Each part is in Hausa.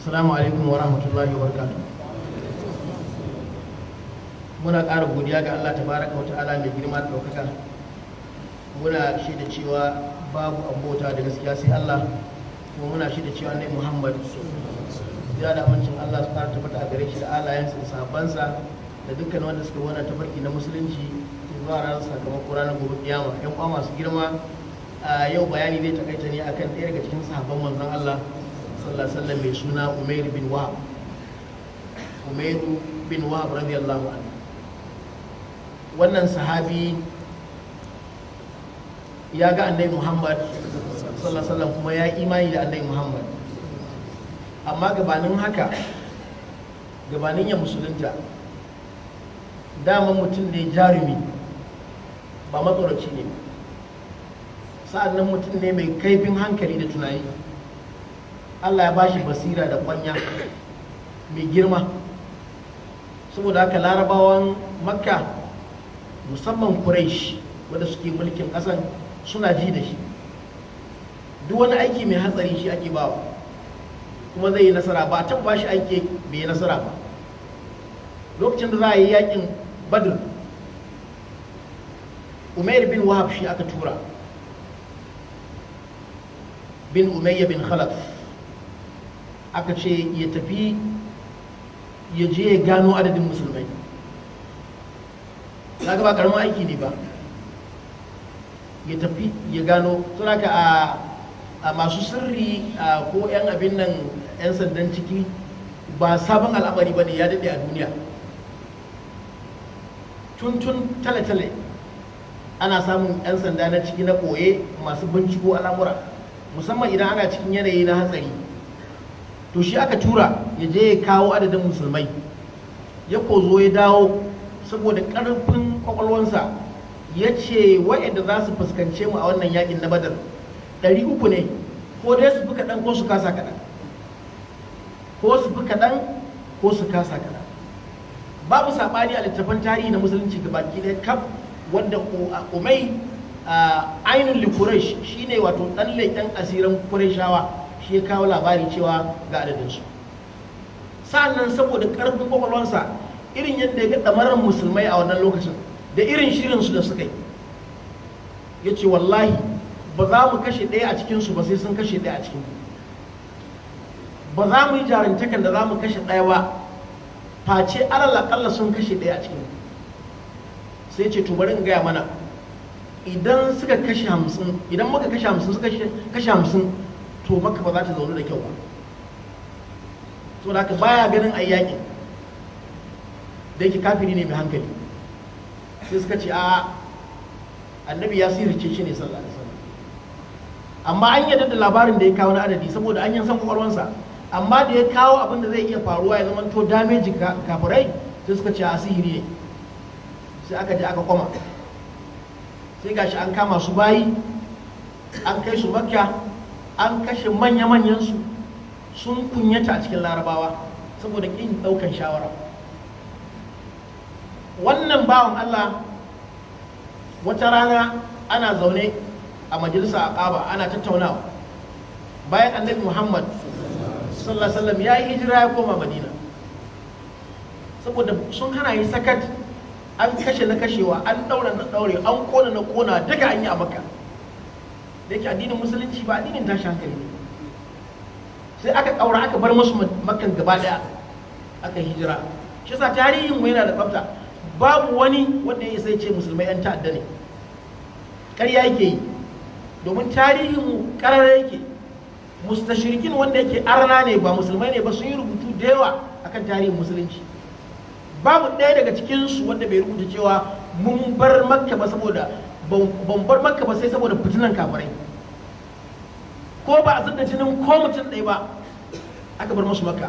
Assalamu alaikum wa rahmatullahi wa Muna ƙara godiya ga Allah ta baraka wa ta'ala mai girma da ɗaukaka. Muna da cewa babu abota da gaskiya sai Allah kuma muna da cewa Annabi Muhammad ya da amincin Allah su fara tabbata a gare shi da alayensa da sabansa da dukkan wanda suka wani tafarki na musulunci zuwa ranar sakamakon ranar gobe kiyama. Yan kwa masu girma yau bayani zai takaita ne akan ɗaya daga cikin sahabban manzon Allah sallallahu alaihi mai suna umair bin wahab umair bin wahab radiyallahu anhu wannan sahabi ya ga annabi muhammad sallallahu alaihi kuma ya imani da annabi muhammad amma gabanin haka gabanin ya musulunta dama mutum ne jarumi ba matsoraci ne sa'an nan mutum ne mai kaifin hankali da tunani Allah ya bashi basira da kwanya mai girma saboda haka larabawan makka musamman quraish wanda suke mulkin ƙasan suna ji da shi duk wani aiki mai hatsari shi ake bawa kuma zai yi nasara ba a ba shi aiki mai nasara ba lokacin da za a yi yakin badr umair bin wahab shi aka tura bin umayya bin khalaf aka ce ya tafi ya je ya gano adadin musulmai za ba karamin aiki ne ba ya tafi ya gano suna ka a masu sirri ko 'yan abin nan 'yan sandan ciki ba sabon al'amari ba ne ya daɗe a duniya tuntun tale-tale ana samun 'yan sanda na ciki na koye masu binciko al'amura musamman idan ana cikin yanayi na hatsari to shi aka tura ya je ya kawo adadin musulmai ya kozo ya dawo saboda ƙarfin kwakwalwansa ya ce wa'yanda za su fuskance mu a wannan yakin na badar ɗari uku ne ko dai su fi kaɗan ko su kasa kaɗan ko su fi kaɗan ko su kasa kaɗan babu saɓani a littattafan tarihi na musulunci ga baki ɗaya kaf wanda umai ainihin likurash shine wato ɗan leƙen asirin kurashawa shi ya kawo labari cewa ga adadinsu sa'annan saboda ƙarfin kwakwalwansa irin yadda ya ga damarar musulmai a wannan lokacin da irin shirinsu da suka yi ya ce wallahi ba za mu kashe ɗaya a cikinsu ba sai sun kashe ɗaya a cikin ba za mu yi jarumtakan da za mu kashe ɗaya ba face alal aƙalla sun kashe ɗaya a cikin sai ce to bari in gaya mana idan suka kashe hamsin idan muka kashe hamsin suka kashe hamsin to maka ba za ta zaune da kyau ba to da baya ganin a yaƙi da yake kafiri ne mai hankali sai suka ce a annabi ya ce shi ne sallallahu alaihi wasallam amma an yarda da labarin da ya kawo na adadi saboda an yan san kwakwalwansa amma da ya kawo abin da zai iya faruwa ya zama to damage kafirai sai suka ce a sihiri ne sai aka je aka koma sai gashi an kama su bayi an kai su makka an kashe manya manyansu sun kunyata a cikin larabawa saboda ƙin ɗaukan shawara wannan bawan allah wata rana ana zaune a majalisa a ƙaba ana tattaunawa bayan annabi muhammad sallallahu ya yi hijira ya koma madina saboda sun hana yi sakat an kashe na kashewa an ɗaura na ɗaure an kona na kona duka an yi a makka. da yake addinin musulunci ba addinin tashi hankali sai aka ƙaura aka bar musu makan gaba daya aka hijira shi sa tarihin mu yana da tsafta babu wani wanda ya sai ce musulmai yan ta'adda ne ƙarya yake yi domin tarihin mu ƙarara yake mustashrikin wanda yake arna ne ba musulmai ne ba sun yi rubutu da yawa akan tarihin musulunci babu ɗaya daga cikinsu wanda bai rubuta cewa mun bar makka ba saboda ban bar makka ba sai saboda fitinan kafirai ko ba a zidda jinin ko mutum ɗaya ba aka bar musu makka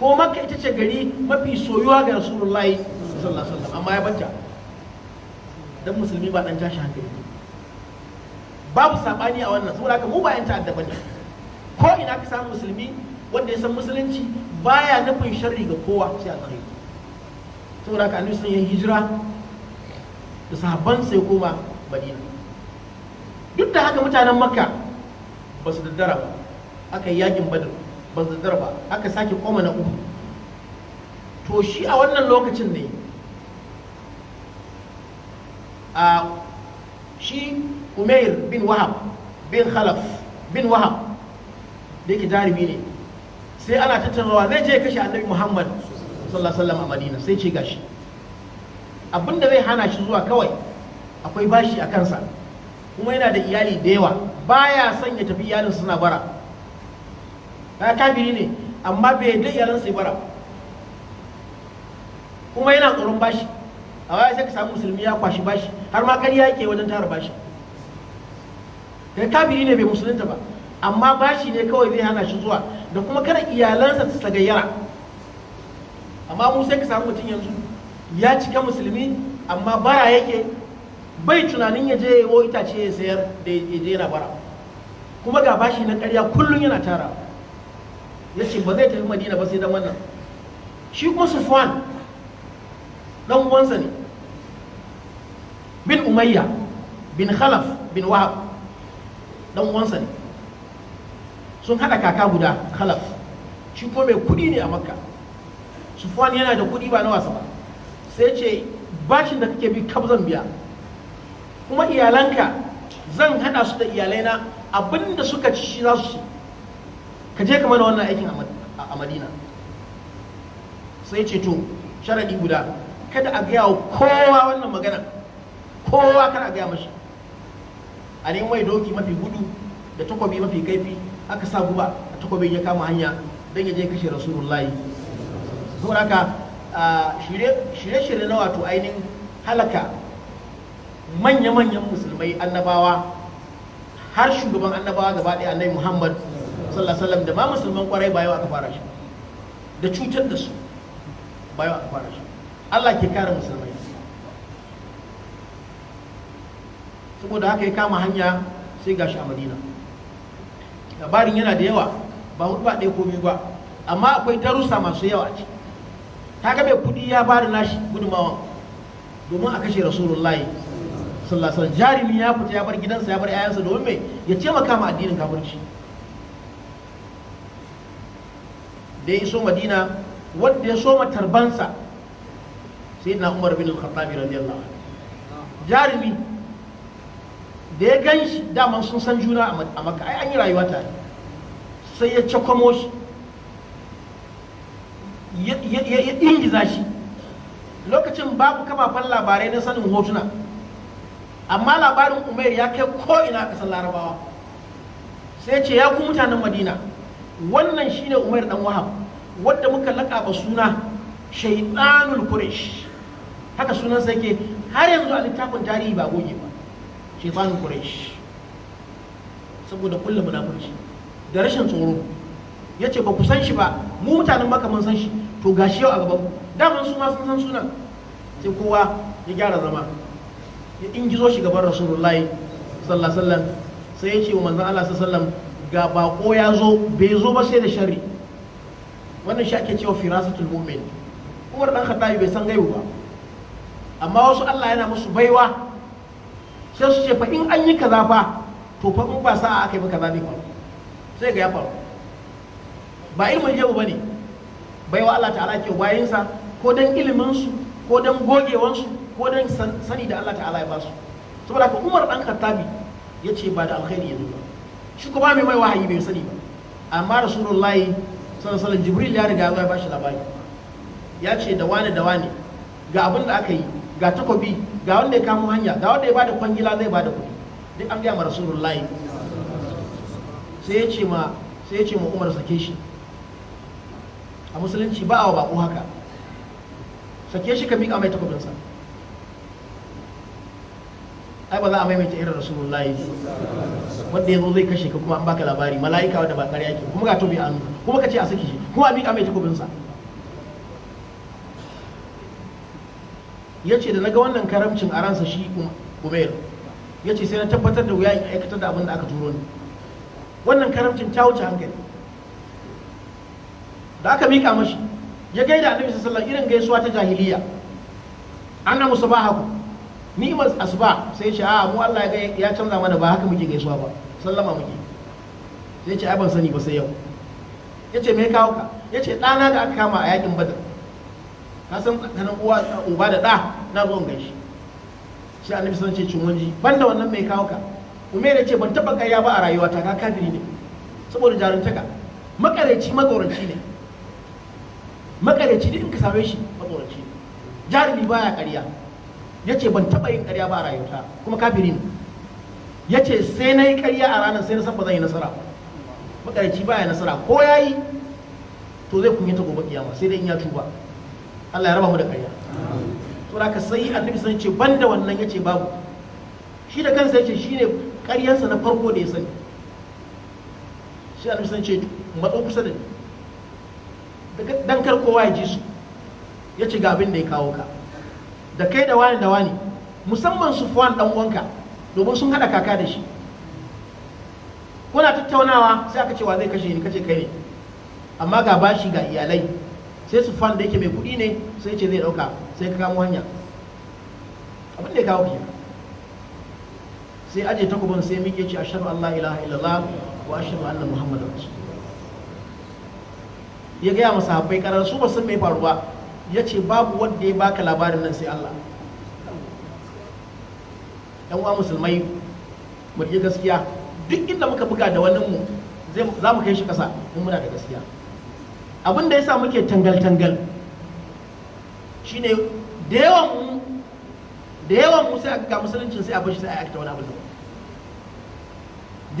ko makka ita ce gari mafi soyuwa ga rasulullahi sallallahu alaihi amma ya banta dan musulmi ba dan tashi hankali babu sabani a wannan saboda haka mu ba yan ta'adda bane ko ina ka samu musulmi wanda ya san musulunci baya nufin sharri ga kowa sai a tsare saboda haka annabi sun yi hijira da sahabban sai koma madina duk da haka mutanen makka ba su daddara ba aka yi yakin badar ba su daddara ba aka sake koma na uku to shi a wannan lokacin ne a shi umair bin wahab bin khalaf bin wahab da yake jarumi ne sai ana tattarawa zai je kashe annabi muhammad sallallahu alaihi wasallam a madina sai ce gashi abin da zai hana shi zuwa kawai akwai bashi a kansa kuma yana da iyali da yawa baya son ya tafi iyalin suna bara ya kafiri ne amma bai yadda iyalin sai bara kuma yana tsoron bashi a waya sai ka samu musulmi ya kwashi bashi har ma ƙarya yake wajen tara bashi ya kafiri ne bai musulunta ba amma bashi ne kawai zai hana shi zuwa da kuma kada iyalansa su tagayyara amma mu sai ka samu mutum yanzu ya cika musulmi amma bara yake bai tunanin ya je yawo itace ya sayar da ya je yana bara kuma ga bashi na karya kullum yana tara ya ce ba zai tafi madina ba sai dan wannan shi kuma sufwan dan uwansa ne bin umayya bin khalaf bin wahab dan uwansa ne sun hada kaka guda khalaf shi kuma mai kudi ne a makka sufwan yana da kudi ba na wasa ba sai ce bashin da kake bi kab zan biya kuma iyalanka zan hada su da iyalaina abinda suka ci shi za su ci ka je ka mana wannan aikin a madina sai ce to sharaɗi guda kada a gaya wa kowa wannan magana kowa kada a gaya mashi a mai doki mafi gudu da takobi mafi kaifi aka sa guba a takobin ya kama hanya don ya je kashe rasulullahi saboda haka shirye-shirye na wato ainihin halaka manya-manyan musulmai annabawa har shugaban annabawa gaba ɗaya annabi muhammad sallallahu alaihi da ba musulman kwarai bayan aka fara shi da cutar da su bayan aka fara shi allah ke kare musulmai saboda haka ya kama hanya sai gashi a madina labarin yana da yawa ba hudu ba ɗaya ko biyu ba amma akwai darussa masu yawa a ciki kaga mai kudi ya ba da nashi gudumawa domin a kashe rasulullahi sallallahu alaihi jarimi ya fita ya bar gidansa ya bar yayansa domin mai ya taimaka ma addinin kafirci da ya iso madina wanda ya soma tarbansa sai na umar bin al-khattabi radiyallahu anhu jarimi da ya gan shi daman sun san juna a maka ai an yi rayuwa tare sai ya cakwamo shi ya ingiza shi lokacin babu kafafen labarai na sanin hotuna amma labarin umar ya kai ko'ina a ƙasar larabawa sai ce ya ku mutanen madina wannan shine umar dan wahab wadda muka laƙaba suna shaitanul kurish haka sunan sai ke har yanzu a littafin tarihi ba goge ba shaitanul kurish saboda kullum munafurci da rashin tsoro ya ce ba ku san shi ba mu mutanen maka mun san shi to gashi yau a gaban ku daman su ma sun san sunan sai kowa ya gyara zama ya ingizo shi gaban rasulullahi sallallahu alaihi wasallam sai ya ce wa manzon Allah sallallahu alaihi wasallam ga bako ya zo bai zo ba sai da sharri wannan shi ake cewa firasatul mu'min Umar dan Khattabi bai san gaibu ba amma wasu Allah yana musu baiwa sai su ce fa in an yi kaza fa to fa in ba sa'a aka yi ba kaza ba sai ga ya faru ba ilmin yau bai wa Allah ta'ala ke wayinsa ko don iliminsu ko don gogewansu ko don sani da Allah ta'ala ya basu saboda ka Umar dan ya ce ba da alkhairi zo ba shi kuma mai mai wahayi bai sani ba amma Rasulullahi sallallahu alaihi Jibril ya riga ya bashi labari ya ce da wane da wane ga abin da aka yi ga takobi ga wanda ya kamo hanya ga wanda ya bada kwangila zai bada kuɗi duk an gaya ma Rasulullahi sai ya ce ma sai ya ce ma Umar sake shi a musulunci ba a bako haka sake shi ka miƙa mai takobinsa ai ba za a maimaita irin rasulullahi wanda ya zo zai kashe ka kuma an baka labari mala'ika wadda ba ƙarya ke kuma ga tobi an kuma ka ce a saki shi kuma a miƙa mai takobinsa ya ce da na ga wannan karamcin a ransa shi um-, umair ya ce sai na tabbatar da wuya in aikatar da abin da aka turo ni wannan karamcin ta wuce hankali da aka mika mashi ya gaida annabi sallallahu alaihi irin gaisuwa ta jahiliya haku. Ni ni'mat asba sai ce a mu Allah ya canza mana ba haka muke gaisuwa ba sallama muke sai ce ai ban sani ba sai yau yace me kawo ka yace dana da aka kama a yakin badar ka san tsakanin uwa uba da da na zo gaishe shi annabi sallallahu alaihi wasallam ce cin banda wannan me kawo ka umaira ce ban taba ya ba a rayuwata ka kafiri ne saboda jaruntaka makareci magauranci ne makarici duk in ka same shi matsoraci jarumi baya ƙarya ya ce ban taɓa yin ƙarya ba a rayuta kuma kafiri ne ya ce sai na yi ƙarya a ranar sai na san ba zan yi nasara makarici baya nasara ko ya yi to zai kunyata gobe kiyama sai dai in ya tuba Allah ya raba mu da ƙarya to da ka sai annabi sun ce banda wannan ya ce babu shi da kansa ya ce shine ƙaryarsa na farko da ya sani shi annabi sun ce matso kusa da ni dan kar kowa ya ji su ya ci ga abin da ya kawo ka da kai da wani da wani musamman su fuwan dan uwanka domin sun hada kaka da shi kuna tattaunawa sai aka ce wa zai kashe ni kace kai ne amma ga bashi ga iyalai sai su fuwan da yake mai kudi ne sai ce zai dauka sai ka kamo hanya abin da ya kawo kenan sai aje takubin sai miƙe ce ashhadu an la ilaha illallah wa ashhadu anna Muhammadu. rasulullah ya gaya masa sahabbai karar su ba san mai faru ba ya ce babu wanda ya baka labarin nan sai Allah yan uwa musulmai mu gaskiya duk inda muka buga da wannan mu za mu kai shi kasa in muna da gaskiya abin da yasa muke tangal tangal shine da yawan mu da yawan mu sai ga musuluncin sai a bashi sai a aikata wani abu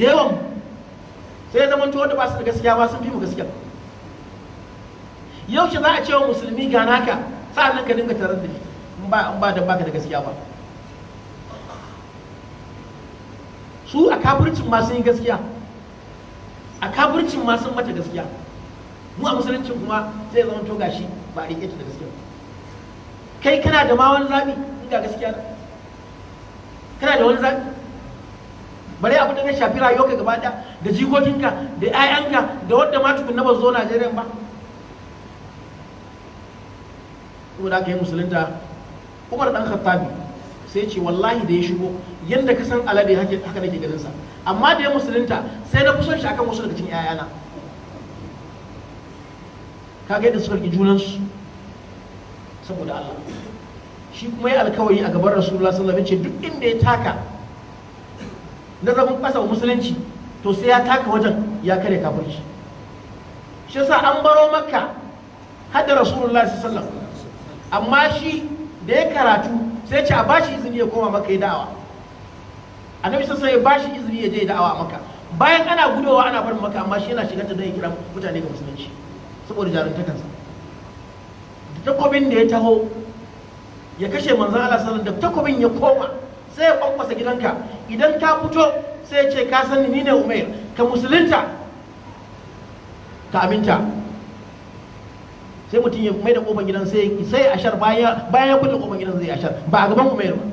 da yawan sai ya zama wanda ba su da gaskiya ba sun fi mu gaskiya yau shi za a cewa musulmi ga naka sa'an ka dinga tarar da shi in ba da baka da gaskiya ba su a kafircin masu yin yi gaskiya a kafircin masu mata gaskiya mu a musulunci kuma zai zama to gashi ba a rike da gaskiya kai kana da ma wani zaɓi in ga gaskiya kana da wani zaɓi bare abu da ya shafi rayuwarka gaba da jikokinka da 'ya'yanka da wadda ma tukunna ba zo Najeriya ba saboda aka yi musulunta umar dan khattabi sai ce wallahi da ya shigo yadda ka san alade haka nake ganin sa amma da ya musulunta sai na kusan shi akan wasu daga cikin yayana kaga yadda suka ki junansu saboda Allah shi kuma ya alkawari a gaban rasulullah sallallahu alaihi wasallam duk inda ya taka na zaman kasa musulunci to sai ya taka wajen ya kare kafirci shi yasa an baro makka hadda rasulullah sallallahu alaihi wasallam amma shi da ya karatu sai ce a bashi izini ya koma maka ya da'awa annabi sai ya bashi izini ya je ya da'awa maka bayan ana gudowa ana barin maka amma shi yana shigar da don kira mutane ga musulunci saboda jarumtakansa da takobin da ya taho ya kashe manzan Allah sallallahu da takobin ya koma sai ya kwankwasa gidanka idan ka fito sai ya ce ka san ni ne umair ka musulunta ka aminta sai mutum ya mai da kofar gidan sai sai ashar bayan bayan ya kulle kofar gidan zai ashar ba a gaban umair ba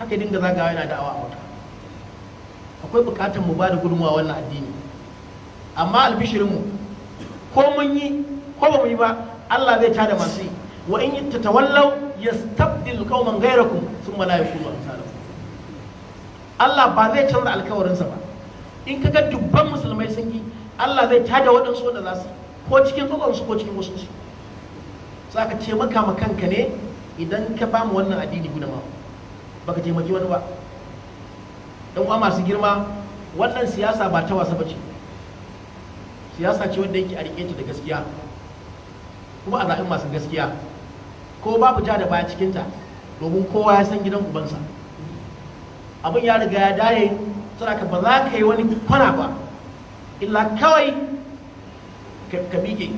haka dinga zagawa yana da'awa a wata akwai bukatar mu ba da gudunmawa wannan addini amma albishirinmu ko mun yi ko ba mu yi ba Allah zai tada masu yi wa in yi tatawallaw yastabdil qauman ghayrakum thumma la yakunu amsalakum Allah ba zai canza alkawarinsa ba in kaga dubban musulmai sun yi Allah zai tada waɗansu wanda za su yi ko cikin kwakwansu ko cikin wasu za ka taimaka ma kanka ne idan ka ba mu wannan addini ma, ba ka taimaki wani ba yan uwa masu girma wannan siyasa ba ta wasa ba ce siyasa ce wanda yake a rike ta da gaskiya kuma a zaɓin masu gaskiya ko babu ja da baya cikinta domin kowa ya san gidan ubansa abin ya riga ya dare ka ba za ka yi wani kwana ba illa kawai ka miƙe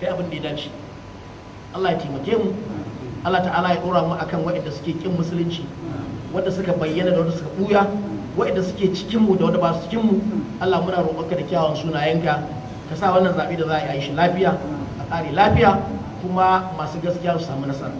kai abin da ya dace Allah ya taimake mu Allah ta'ala ya ɗora mu akan waɗanda suke kin musulunci wanda suka bayyana da wanda suka buya, waɗanda suke cikin mu da wanda ba su cikin mu Allah muna roƙonka da kyawun sunayenka ka sa wannan zaɓe da za a yi shi lafiya a ƙare lafiya kuma masu gaskiya su samu nasara